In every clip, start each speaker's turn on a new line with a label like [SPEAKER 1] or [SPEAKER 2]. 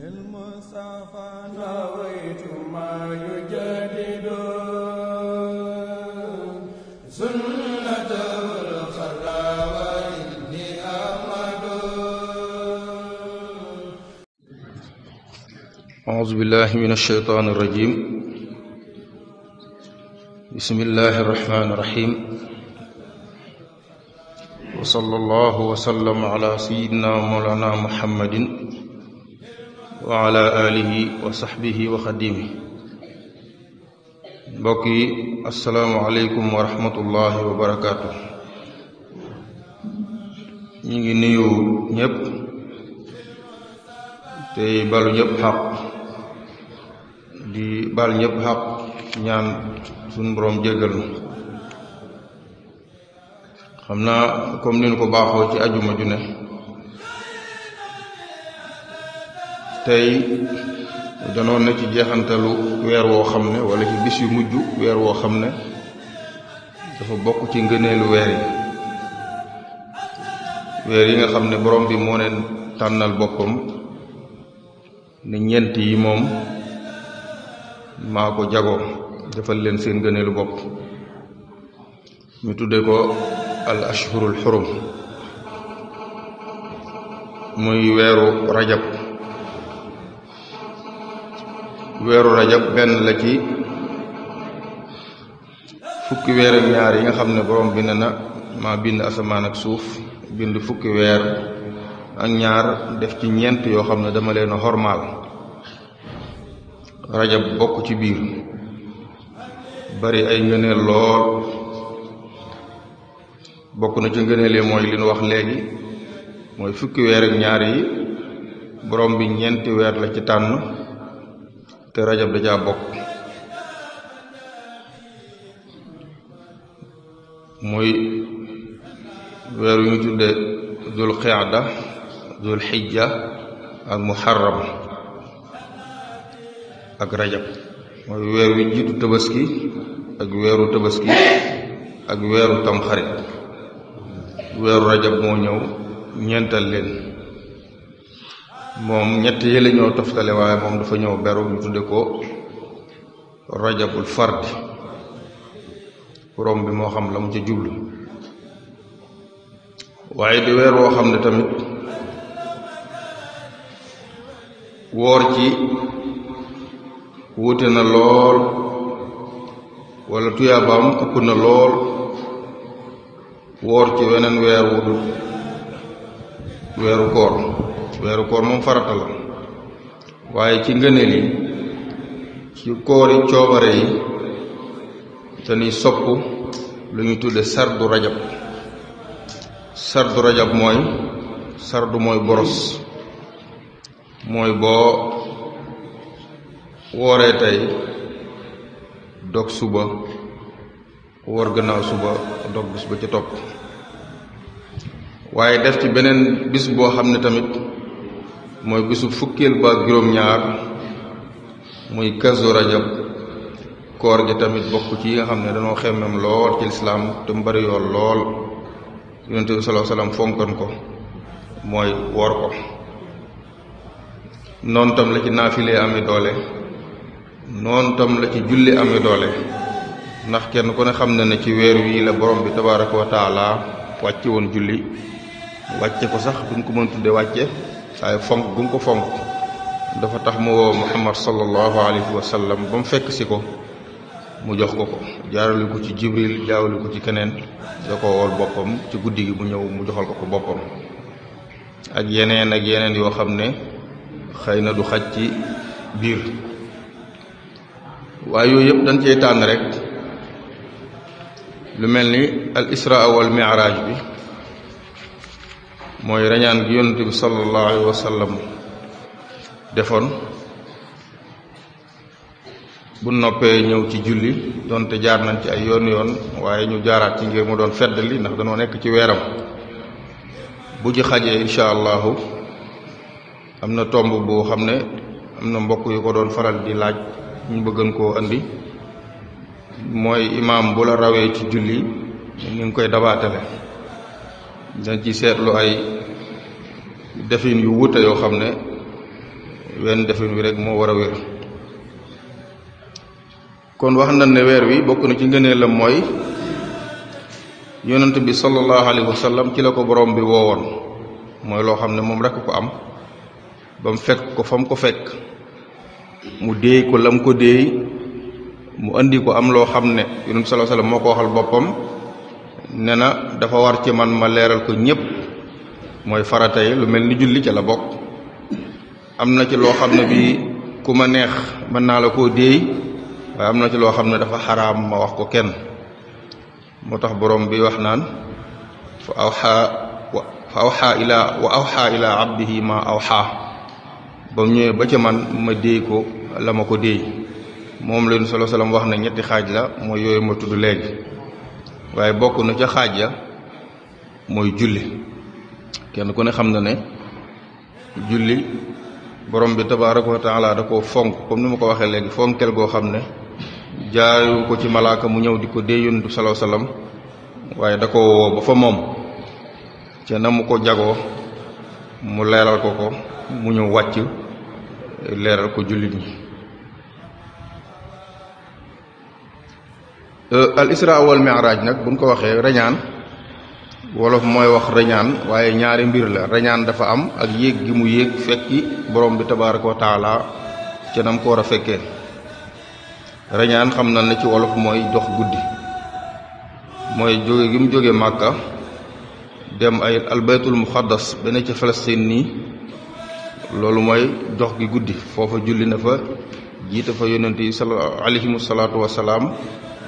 [SPEAKER 1] المصطفى نويت ما يجدد سنة الخلا وإني أحمد أعوذ بالله من الشيطان الرجيم بسم الله الرحمن الرحيم وصلى الله وسلم على سيدنا مولانا محمد wa ala alihi wa sahbihi wa xadimi mbokk yi asalaamualeykum wa rahmatullahi wa barakaatu ñu ngi nuyu ñëpp tey balu ñëpp xaq di bal ñëpp xaq ñaan suñ boroom jéggal na xam naa comme ni ñu ko baaxoo ci ajuma ju ne tey danoon na ci jeexantalu weer woo xam ne wala ci bis yu mujj weer woo xam ne dafa bokk ci ngëneelu weer yi weer yi nga xam ne borom bi moo leen tànnal boppam ne ñent yi moom maa ko jagoo defal leen seen ngëneelu bopp ñu tudde ko al ashhurul xurum muy weeru rajab weeru rajab benn la ci fukki weer ak ñaar yi nga xam ne borom bi ne na maa bind asamaan ak suuf bind fukki weer ak ñaar def ci ñeent yoo xam ne dama leen a xormaal rajab bokk ci biir bari ay ngëneel lool bokk na ci ngëneele mooy li nu wax léegi mooy fukki weer ak ñaar yi borom bi ñeenti weer la ci tànn te rajab da caa bokk muy weer yu ñu tudde dul qiada dul xijja ak muharram ak rajab mooy weer wi jiitu tabaski ak weeru tabaski ak weeru tamxarit weeru rajab moo ñëw ñeental leen moom ñett yi la ñoo toftale waaye moom dafa ñëw beru ñu tudde ko rajabul fard borom bi moo xam la mu ca jublu waaye di weer woo xam ne tamit woor ci wuute na lool wala tuyaabaam ëpp na lool woor ci weneen weer wu weeru koor weeru koor moom farata la waaye ci ngëne yi ci koori coobare yi dañuy sopp lu ñu tudde sardu rajab sardu rajab mooy sardu mooy boros mooy boo wooree tey dog suba woor gënaaw suba dog bis ba ci topp waaye def ci beneen bis boo xam ne tamit mooy bisu fukkeel ba juróom-ñaar muy kazu rajab koor gi tamit bokk ci yi nga xam ne dañoo xemmem lool ci lislaam te mu bari yoon lool yonente bi sallallahu alayhi wasallam fonkan ko mooy woor ko noonu la ci naafilee ami doole noontam la ci julli ami doole ndax kenn ku ne xam na ne ci weer wii la borom bi tabaraka wa taala wàcce woon julli wàcce ko sax duñ ko mën tudde wàcce waaye fonk gu mu ko fonk dafa tax mu woo muhammad sallallahu alayhi wa ba mu fekk si ko mu jox ko ko jaarale ko ci jibril jaawale ko ci keneen da ko wool boppam ci guddi gi mu ñëw mu joxal ko ko boppam ak yeneen ak yeneen yoo xam ne xëy na du xaj ci biir waaye yooyu yëpp dañ cey tànn rek lu mel ni al isra wal mi'raj bi mooy reñaan gi yonent bi sallallahu wa sallam defoon bu noppee ñëw ci julli donte jaar nañ ci ay yoon yoon waaye ñu jaaraat ci ngir mu doon feddali ndax dañoo nekk ci weeram bu ci xajee incha allahu am na tomb boo xam ne am na mbokk yu ko doon faral di laaj ñu bëggan koo andi mooy imaam bu la rawee ci julli ni nga koy dabaatale dañ ci seetlu ay defin yu wuute yoo xam ne wenn defin wi rek moo war a wér kon wax na ne weer wi bokk na ci lam mooy yonent bi sallallahu alayhi wa sallam ci la ko borom bi woowoon mooy loo xam ne moom rek ko am ba mu fekk ko fa mu ko fekk mu déey ko lam ko déey mu indi ko am loo xam ne yonent bi sallallahu alayhi moo ko waxal boppam ne na dafa war ci man ma leeral ko ñépp mooy farata lu mel ni julli ca la bokk am na ci loo xam ne bi ku ma neex mën naa la koo déey waaye am na ci loo xam ne dafa xaraam ma wax ko kenn moo tax boroom bi wax naan fa awxaa fa awxaa ilaa wa awxaa ilaa abdihi ma awxaa ba mu ba ca man ma déey ko la ma ko déey moom leen solo salaam wax na ñetti xaaj la mooy yooyu ma tudd léegi waaye bokk na ca xaaj ya mooy julli kenn ku ne xam na ne julli borom bi tabaaraka wa taala da koo fonk comme ni ma ko waxee léegi fonkel goo xam ne jaayu ko ci malaaka mu ñëw di ko dee yontu salaaw salaam waaye da ko woo ba fa moom ca na mu ko jagoo mu leeral ko ko mu ñëw wàcc leeral ko jullit ñi euh, al isra wal mi'raj nag buñ ko waxee reñaan wolof mooy wax reñaan waaye ñaari mbir la reñaan dafa am ak yéeg gi mu yéeg fekki boroom bi tabaaraka wa taala ca nam ko war a fekkee rañaan xam na ne ci wolof mooy jox guddi mooy jóge gi mu jóge màkka dem ay albaytul muqaddas ba ci ca Palestine nii loolu mooy jox gi guddi foofa julli na fa jiite fa yonent yi sal alayhimu salaatu wasalaam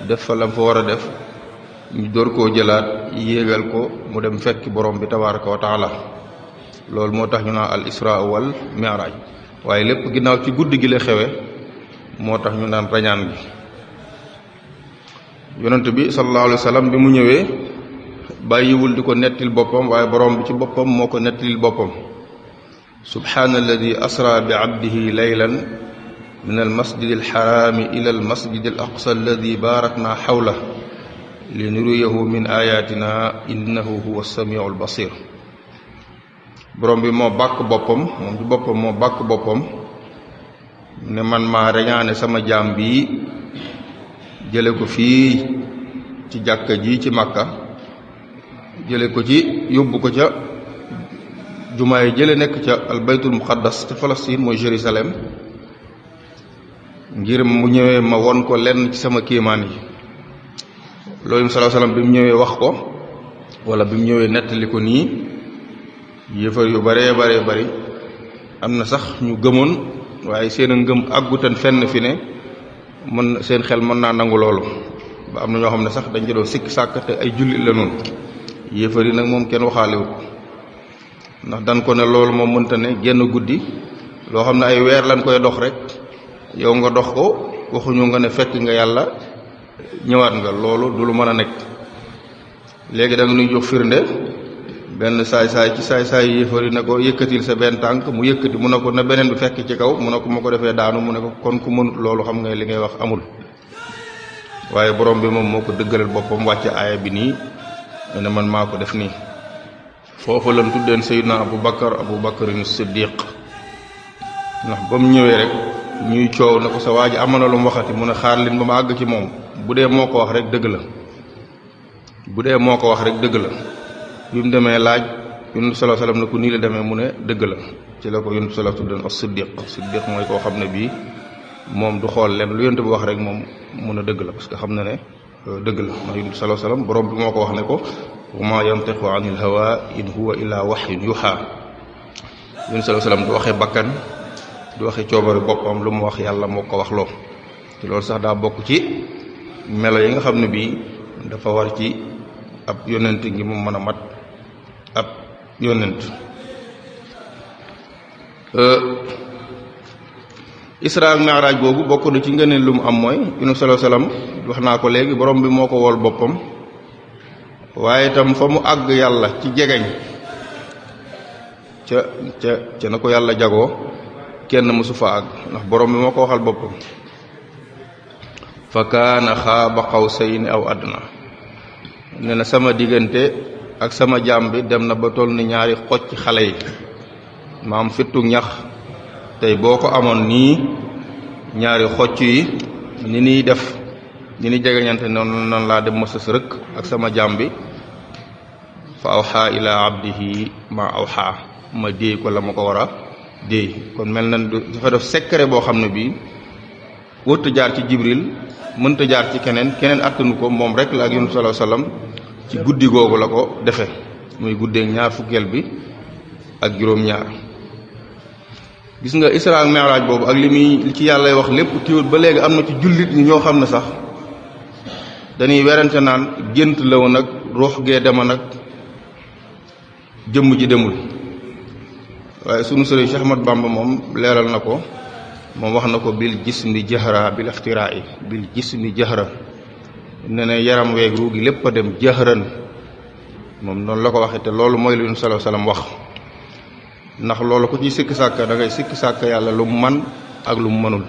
[SPEAKER 1] def fa lam fa war a def ñu door koo jëlaat yéegal ko mu dem fekki boroom bi tabaraka wa taala loolu moo tax ñu naan al isra wal mi'raj waaye lépp ginnaaw ci guddi gi la xewe moo tax ñu naan rañaan gi yonent bi sallallahu alayhi wa bi mu ñëwee bàyyiwul di ko nettil boppam waaye boroom bi ci boppam moo ko nettil boppam subhaanalladi asra bi abdihi laylan min al masjid al xaraami ila al masjid al aqsa alladi baarakna xawla li nuriyahu min ayatina innahu huwa samiul basir borom bi moo bàkk boppam moom ci boppam moo bàkk boppam ne man maa reñaane sama jaam bi jële ko fii ci jàkka ji ci màkka jële ko ci yóbbu ko ca jumaa yi jële nekk ca albaytul muqaddas ca Palestine mooy Jérusalem ngir mu ñëwee ma won ko lenn ci sama kiimaan yi loolu mu salaa salaam bi mu ñëwee wax ko wala bi mu ñëwee nettali ko nii yëfar yu baree baree bari am na sax ñu gëmoon waaye seen ngëm àggutan fenn fi ne mën seen xel mën naa nangu loolu ba am na ñoo xam ne sax dañ jëloo sikk sàkk te ay jullit la noonu yéefar yi nag moom kenn waxaalewu ndax dan ko ne loolu moom mënta ne génn guddi loo xam ne ay weer lañ koy dox rek yow nga dox ko waxuñu nga ne fekk nga yàlla ñëwaat nga loolu du lu mën a nekk léegi da nga nuy jox firnde benn saay-saay ci saay-saay yéefar yi ne ko yëkkatil sa benn tànk mu yëkkati mun ne ko na beneen bi fekk ci kaw mu ne ko ma ko defee daanu mu ne ko ko ku mënut loolu xam nga li ngay wax amul waaye borom bi moom moo ko dëggalal boppam wàcce aaya bi nii ne man maa ko def nii foofu lan tuddeen Seydina Abu Bakar Abu Bakarin Siddiq ndax ba mu ñëwee rek ñuy coow na ko sa waa ji am na lu mu waxati mu ne xaar leen ba ma àgg ci moom bu dee moo ko wax rek dëgg la bu dee moo ko wax rek dëgg la yu mu demee laaj yonent bi sallallahu alayhi wasallam ne nii la demee mu ne dëgg la ci la ko yonent bi sallallahu alayhi wasallam as mooy koo xam ne bii moom du xool leen lu yonent bi wax rek moom mun a dëgg la parce que xam na ne euh, dëgg la ndax yonent bi sallallahu borom bi moo ko wax ne ko wa ma yantiqu anil hawa in huwa illa wahyun yuha yonent bi sallallahu alayhi wasallam du waxee bakkan du waxee coobari boppam lu mu wax yàlla moo ko wax loo te loolu sax daa bokk ci melo yi nga xam ne bii dafa war ci ab yonent ngi mu mën a mat ab yonent euh, isra ak miraaj boobu bokk na ci ngëneel lu mu am mooy inu sala salaam wax naa ko léegi borom bi moo ko wol boppam waaye itam fa mu àgg yàlla ci jegeñ ca ca ca na ko yàlla jagoo kenn mësu fa àgg ndax borom bi moo ko waxal boppam fa kaana xaaba xawsayni aw àdduna ne na sama diggante ak sama jaam bi dem na ba toll ni ñaari xocc xale yi maam fittu ñax tey boo ko amoon nii ñaari xocc yi ni niy def ni ni jegeñante noonu laa dem ma sës rëkk ak sama jaam bi fa awxaa ilaa abdihi ma awxaa ma déey ko la ma ko war a déey kon mel na dafa def secret boo xam ne bii wërtu jaar ci jibril mënta jaar ci keneen keneen àttanu ko moom rek la ak yonent sallallahu ci guddi googu la ko defe muy guddeeg ñaar fukkeel bi ak juróom-ñaar gis nga isra ak miraaj boobu ak li muy ci yàlla wax lépp tiwut ba léegi am na ci jullit ñi ñoo xam ne sax dañuy werante naan gént la woon ak ruux gee dema nag jëmm ji demul waaye sunu sëriñ Cheikh Ahmad Bamba moom leeral na ko moom wax na ko bil jismi jahra bil ixtiraa'i bil jismi jahra ne ne yaram weeg ruu gi lépp a dem jahran moom noonu la ko waxee te loolu mooy lu yun sallallahu alayhi wax ndax loolu ku ciy sikki sàkk da ngay sikki sàkk yàlla lu mu man ak lu mu mënul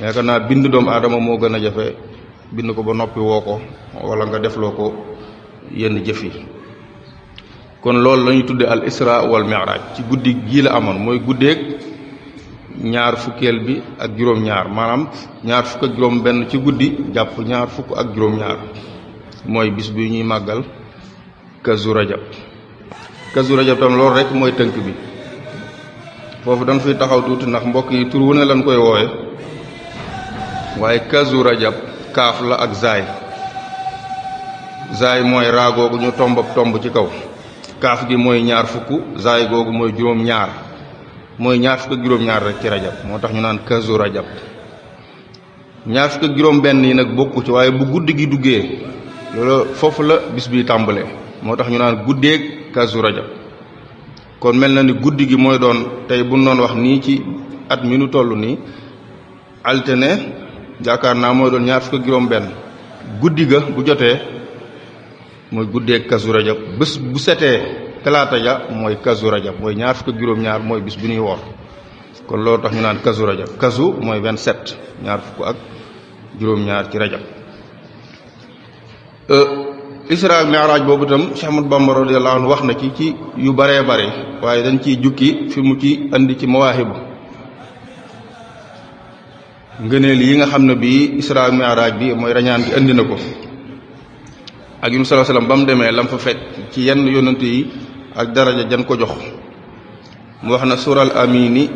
[SPEAKER 1] yaakaar naa bind doomu aadama moo gën a jafe bind ko ba noppi woo ko wala nga def loo ko yenn jëf yi kon loolu la ñuy tudde al isra wal mi'raj ci guddi gii la amoon mooy guddeeg ñaar fukkeel bi ak juróom-ñaar maanaam ñaar fukk ak juróom benn ci guddi jàpp ñaar fukk ak juróom-ñaar mooy bis bi ñuy màggal kazu rajab kazu rajab tam lool rek mooy tënk bi foofu dañ fiy taxaw tuuti ndax mbokk yi tur wu ne koy woowe waaye kazu rajab kaaf la ak zaay zaay mooy raa googu ñu tomb tomb ci kaw kaaf gi mooy ñaar fukk zaay googu mooy juróom-ñaar mooy ñaar fukk ak juróom-ñaar rek ci rajab moo tax ñu naan kazu rajab ñaar fukk ak juróom-benn yi nag bokku ci waaye bu guddi gi duggee loolu foofu la bis bi tàmbalee moo tax ñu naan guddeeg kazu rajab kon mel na ni guddi gi mooy doon tey bu ñu doon wax nii ci at mi nu toll nii altine yaakaar naa mooy doon ñaar fukk ak juróom-benn guddi ga bu jotee mooy guddeeg kasu rajab bés bu setee. talaata ja mooy kasu rajab mooy ñaar fukk ak juróom-ñaar mooy bis bu ñuy woor kon loolu tax ñu naan kasu rajab kazu mooy 27 ñaar fukk ak juróom-ñaar ci rajab euh, isra ak mi'raaj boobu tam Cheikh Ahmadou Bamba radiyallahu anhu wax na ci ci yu baree bare waaye dañ ciy jukki fi ci andi ci mawaahibu ngëneel yi nga xam ne bii isra ak mi'raaj bi mooy rañaan indi na ko ak yum salaa salaam ba mu demee lam fekk ci yenn yonante yi ak daraja jan ko jox mu wax na sural amini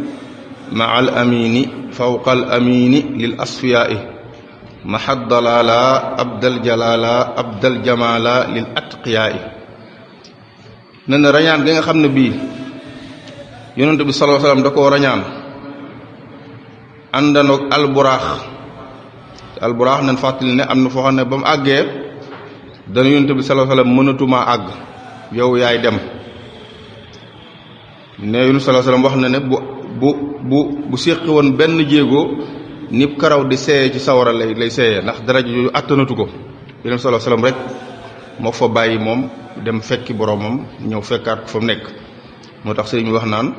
[SPEAKER 1] maa al amini fawqa al amini lil asfiyaai mahad dalaala abdal jalaala abdal jamaala lil atqiyaai nee rañaan gi nga xam ne bii yonent bi salaa salaam da koo rañaan àndanoog alburaax alburaax nan fàttali ne am na foo xam ne ba mu àggee dana yonent bi salaa salaam mënatumaa àgg yow yaay dem ne yunus sallallahu alayhi wax na ne bu bu bu bu woon benn jéego nib karaw di seeye ci sawara lay lay seeye ndax daraja yooyu attanatu ko yunus sallallahu alayhi rek moo fa bàyyi moom dem fekki boromam ñëw fekkaat ko fa mu nekk moo tax sëriñ bi wax naan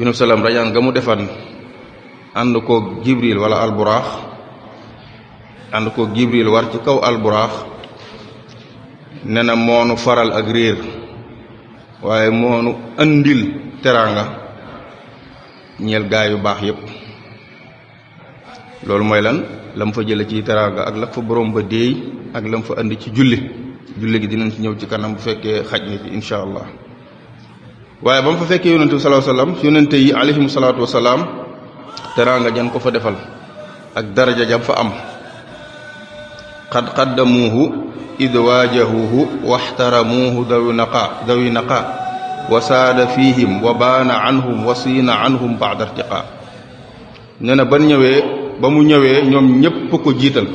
[SPEAKER 1] yunus sallallahu alayhi wasallam rajaan nga mu defan ànd koo jibril wala alburaax ànd koo jibril war ci kaw alburaax ne na moonu faral ak réer waaye moonu andil teraanga ñeel gaay yu baax yépp loolu mooy lan lam fa jële ci teraanga ak la fa borom ba déey ak lam fa indi ci julli julli gi dinañ ci ñëw ci kanam bu fekkee xaj na ci incha allah waaye ba mu fa fekkee yonente bi salaa salaam yonente yi alayhim salaatu salaam teraanga jan ko fa defal ak daraja jam fa am qad qaddamuuhu id waajahuuhu waxtaramuuhu dawi naqa dawi naqa wa saada fihim wa baana anhum wa siina anhum baada nee na ban ñëwee ba mu ñëwee ñoom ñépp ko jiital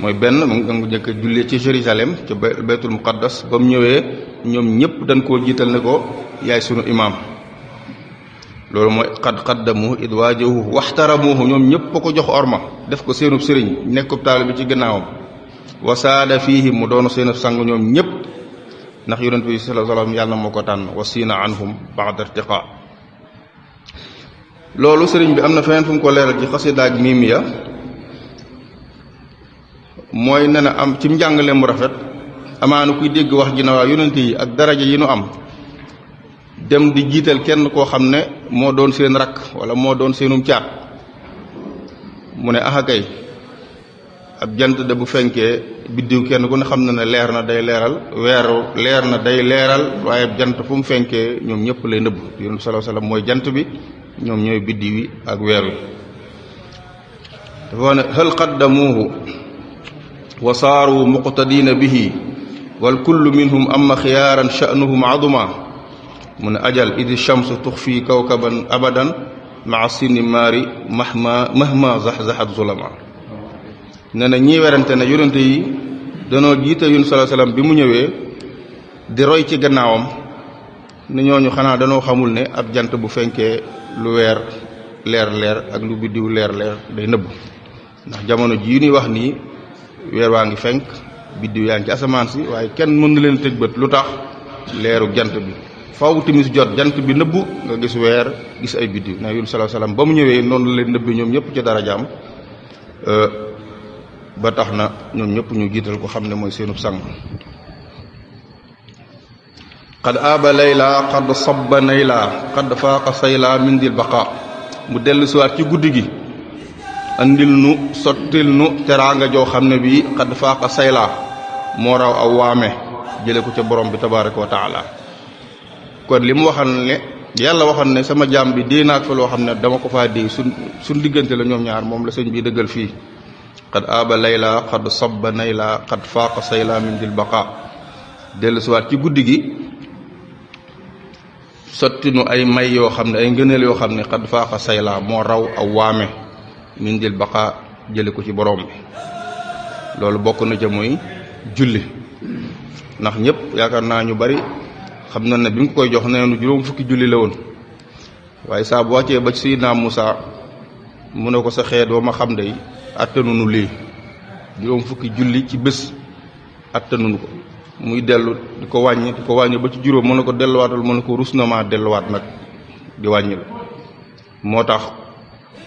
[SPEAKER 1] mooy benn mu ngi njëkk a jullee ci Jérusalem ca baytul muqaddas ba mu ñëwee ñoom ñépp dañ ko jiital ne ko yaay sunu imaam loolu mooy xad xaddamuhu idwaajuhu waxtaramuhu ñoom ñëpp a ko jox orma def ko seenub sëriñ nekkub taal bi ci gannaawam wasaada fiihi mu doon seenub sang ñoom ñëpp ndax yonent bi sallallahu alayhi wa sallam yàlla moo ko tànn wasiina anhum baada irtiqa loolu sëriñ bi am na feneen fu mu ko leeral ci xasida ak miim mooy ne am ci njàngale mu rafet amaana kuy dégg wax ji na waa yonent yi ak daraja yi nu am dem di jiital kenn koo xam ne moo doon seen rakk wala moo doon seenum caat mu ne axa kay ab jant da bu fenkee biddiw kenn ku ne xam na ne leer na day leeral weeru leer na day leeral waaye jant fu mu fenkee ñoom ñëpp lay nëbb yonent bi sallallahu alayhi mooy jant bi ñoom ñooy biddiw yi ak weer wi dafa wax ne hal qaddamuuhu wa saaru muqtadiina wal kullu minhum amma xiyaaran sha'nuhum aduma mu ne ajal idi shamsu tux fii kawkaban abadan maa sini maari mahma mahma zax-zaxat zulama na ñii werante ne yonente yi danoo jiite yu salaa salaam bi mu ñëwee di roy ci gannaawam ni ñooñu xanaa danoo xamul ne ab jant bu fenkee lu weer leer leer ak lu biddiw leer leer day nëbb ndax jamono ji ñuy wax nii weer waa ngi fenk biddiw yaa ngi ci asamaan si waaye kenn mën na leen tëj bët lu tax leeru jant bi faw timis jot jant bi nëbbu nga gis weer gis ay biddiw na yul salaa salaam ba mu ñëwee noonu la leen nëbbi ñoom ñëpp ci darajaam euh, ba tax na ñoom ñëpp ñu jiital ko xam ne mooy seenub sang xad aaba layla xad sabba nayla sayla min dil baqa mu dellu siwaat ci guddi gi andil nu sottil nu teraanga joo xam ne bii xad faaqa sayla moo raw aw waame jële ko ca borom bi tabaraka wa taala kon li mu waxoon ne yàlla waxoon ne sama jaam bi dee naag fa loo xam ne dama ko faa dee suñ suñ diggante la ñoom ñaar moom la sëñ bi dëggal fii xad aaba layla xad sabba nayla xad faaqa sayla min dil baqa dellu siwaat ci guddi gi sottinu ay may yoo xam ne ay ngëneel yoo xam ne xad faaqa sayla moo raw aw waame min dil baqa jële ko ci borom bi loolu bokk na ca muy julli ndax ñëpp yaakaar naa ñu bari xam na ne bi mu ko koy jox nee nu juróom fukki julli la woon waaye saa bu wàccee ba ci Seydina Muusa mu ne ko sa xeet wa ma xam day attanunu lii juróom fukki julli ci bés attanunu ko muy dellu di ko wàññi di ko wàññi ba ci juróom mu ne ko delluwaatal mu ne ko rus na maa delluwaat nag di wàññi la moo tax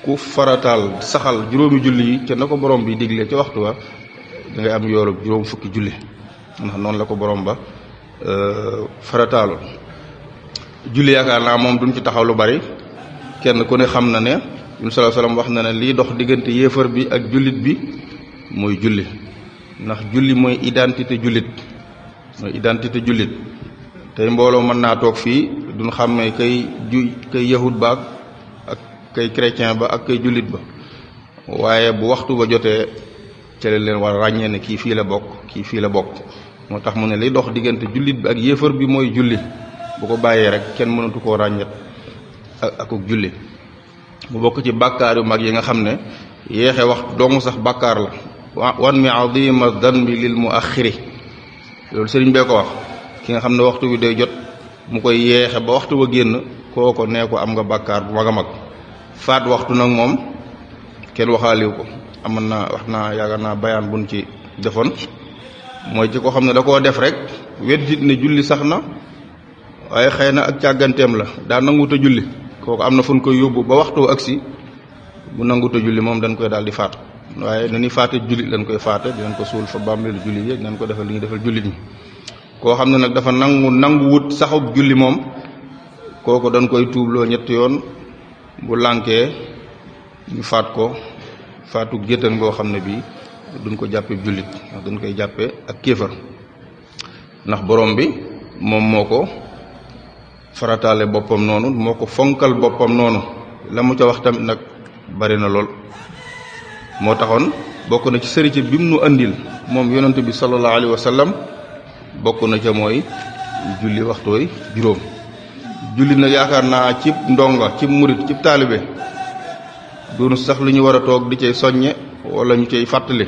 [SPEAKER 1] ku farataal saxal juróomi julli yi ca na ko borom bi digle ca waxtu wa da am yooru juróom fukki julli ndax noonu la ko borom ba Euh, farataalu julli yaakaar naa moom duñ ci taxaw lu bari kenn ku ne xam na ne yum salaa salaam wax na ne liy dox diggante yéefar bi ak jullit bi mooy julli ndax julli mooy identité jullit identité jullit tey mbooloo mën naa toog fii duñ xàmmee kay ju kay yahud ba ak kay chrétien ba ak kay jullit ba waaye bu waxtu ba jotee ca leen war ràññee ne kii fii la bokk kii fii la bokk moo tax mu ne li dox diggante jullit bi ak yéefar bi mooy julli bu ko bàyyee rek kenn mënatu koo ràññat ak akuk julli mu bokk ci bàkkaar yu mag yi nga xam ne yéexe wax doomu sax bàkkaar la wan mi azima danbi lil mu xiri loolu sëriñ bee ko wax ki nga xam ne waxtu bi day jot mu koy yeexe ba waxtu wa génn kooko nee ko am nga bàkkaar bu mag a mag faat waxtu nag moom kenn waxaaliw ko amoon naa wax naa yaakaar naa bayaan buñ ci defoon mooy ci ko xam ne da koo def rek wet weddit ne julli sax na waaye xëy na ak càgganteem la daa nangut julli kooku am na fu ñu koy yóbbu ba waxtu agsi bu nangut a julli moom dañ koy daal di faat waaye na ñuy faate lañ koy faate dinañ ko suul fa bàmmeelu jullit yi dinañ ko defal li ñuy defal jullit ñi koo xam ne nag dafa nangu nangu wut saxub julli moom kooku dañ koy tuubloo ñetti yoon bu lankee ñu faat ko faatu géttan goo xam ne bii duñ ko jàppee jullit ndax duñ koy jàppee ak kéefar ndax borom bi moom moo ko farataale boppam noonu moo ko fonkal boppam noonu la mu ca wax tamit nag bari na lool moo taxoon bokk na ci sërite bi mu nu andil moom yonent bi sallallahu alayhi wa sallam bokk na ca mooy julli waxtooy juróom julli na yaakaar naa ci ndonga ci murit ci taalibe doonu sax lu ñu war a toog di cay soññe wala ñu cay fàttali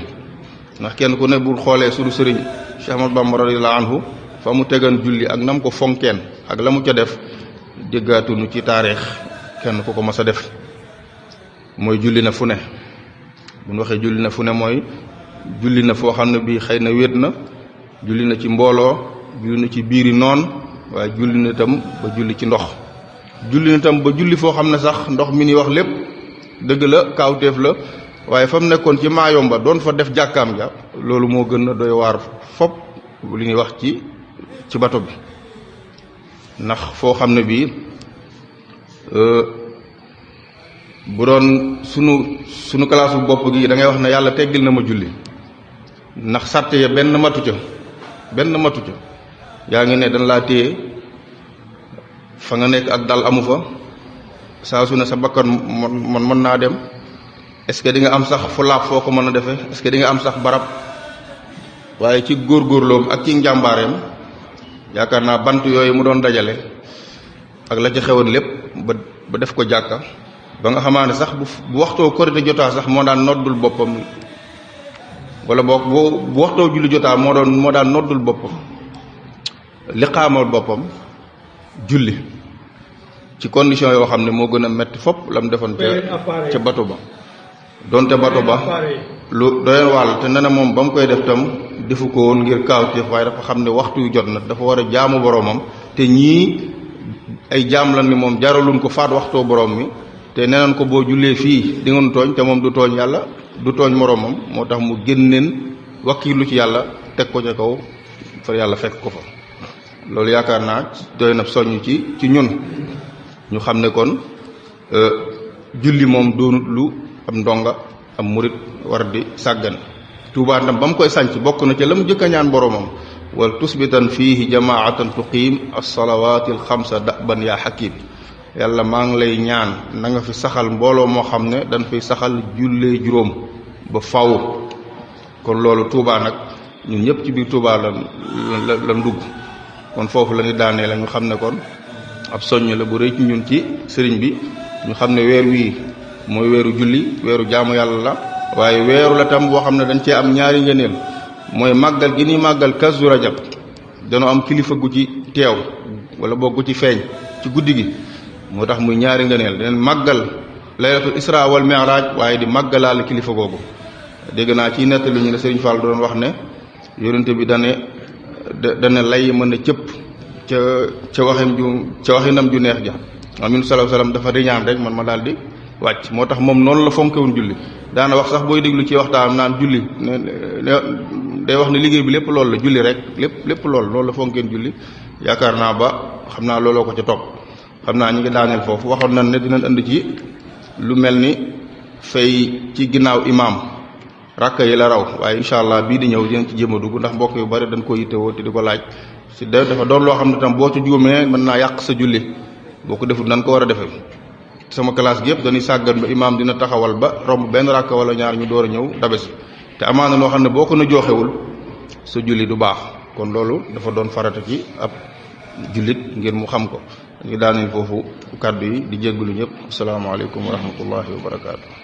[SPEAKER 1] ndax kenn ku ne bu xoolee sunu sëriñ Cheikh Ahmad Bamba la anhu fa mu tegan julli ak nam ko fonkeen ak la mu ca def déggaatunu ci taarix kenn ku ko mas a def mooy julli na fu ne bu ñu waxee julli na fu ne mooy julli na foo xam ne bii xëy na wéet na julli na ci mbooloo julli na ci biiri noon waaye julli na itam ba julli ci ndox julli na tam ba julli foo xam ne sax ndox mi ni wax lépp dëgg la kaawteef la waaye fa mu nekkoon ci maayomba doon fa def jàkkaam ja loolu moo gën a doy waar fop li ñuy wax ci ci bato bi ndax foo xam ne bii euh, bu doon sunu sunu kalaasu bopp gi dangay wax ne yàlla teggil na ma julli ndax sàrt ya benn matu ca benn matu ca yaa ngi ne dañ laa téye fa nga nekk ak dal amu fa saa su ne sa bakkan man mën naa dem est-ce que di am sax fu laab foo ko mën a defee est-ce que di am sax barab waaye ci góor góorgóorloom ak ci njàmbaareem yaakaar naa bant yooyu mu doon dajale ak la ci xewoon lépp ba def ko jàkka ba nga xamaa ne sax bu waxtoo korite jotaa sax moo daan noddul boppam wala boo bu waxtoo julli jotaa moo doon moo daan noddul boppam liqaamal boppam julli ci condition yoo xam ne moo gën a metti fopp la mu defoon ca ca ba donte bato ba lu doyoon wàll te nee na moom ba mu koy def tam defu ko woon ngir kaawteef waaye dafa xam ne waxtu yu jot na dafa war a jaamu boroomam te ñii ay jaam la ni moom jaraluñ ko faat waxtoo boroom mi te neneen ko boo jullee fii di ngeen tooñ te moom du tooñ yàlla du tooñ moroomam moo tax mu génneen wakkiilu ci yàlla teg ko ca kaw fa yàlla fekk ko fa loolu yaakaar naa doy na soññ ci ci ñun ñu xam ne kon euh, julli moom doonut lu am ndonga am murit war di sàggan Tuubaa ndam ba mu koy sànc bokk na ca la mu jëkk a ñaan boroomam wal tusbitan fiihi jamaatan tuqiim alsalawaati alxamsa daban yaa xakiim yàlla maa ngi lay ñaan nanga fi saxal mbooloo moo xam ne dañ fiy saxal jullee juróom ba faw kon loolu Tuubaa nag ñun ñëpp ci biir Tuubaa la la kon foofu la ñu daanee la xam ne kon ab soññ la bu rëy ci ñun ci sëriñ bi ñu xam ne weer wii mooy weeru julli weeru jaamu yàlla la waaye weeru la tam boo xam ne dañ cee am ñaari ngëneel mooy màggal gi ñuy màggal kazu rajab danoo am kilifa gu ci teew wala boog ci feeñ ci guddi gi moo tax muy ñaari ngëneel daneen màggal laylatul isra waaye di màggalaal kilifa googu dégg naa ci nettali lu ñu ne Serigne doon wax ne yonente bi dane dane lay mën a cëpp ca ca waxim ju ca waxinam ju neex ja amin salaahu salaam dafa riñaan rek man ma daal di wàcc moo tax moom noonu la fonke woon julli daana wax sax booy déglu ci waxtaanam naan julli day wax ne liggéey bi lépp loolu la julli rek lépp lépp lool loolu la fonkeen julli yaakaar naa ba xam naa looloo ko ca topp xam naa ñi ngi daaneel foofu waxoon na ne dinañ andi ci lu mel ni fay ci ginnaaw imaam rakk yi la raw waaye incha allah bii di ñëw dinañ ci jéem a dugg ndax mbokk yu bari dañ ko yittewoo te di ko laaj si dafa doon loo xam ne tam boo ci juumee mën naa yàq sa julli boo ko defut nan ko war a defee sama classe gi yëpp dañuy sàggan ba imaam dina taxawal ba romb benn ràkk wala ñaar ñu door a ñëw dabesi te amaana loo xam ne boo ko na jooxewul sa julli du baax kon loolu dafa doon farata ci ab jullit ngir mu xam ko ñu daaneel foofu kàddu yi di jéggalu ñëpp asalaamaaleykum wa rahmatullahi wa barakaatu.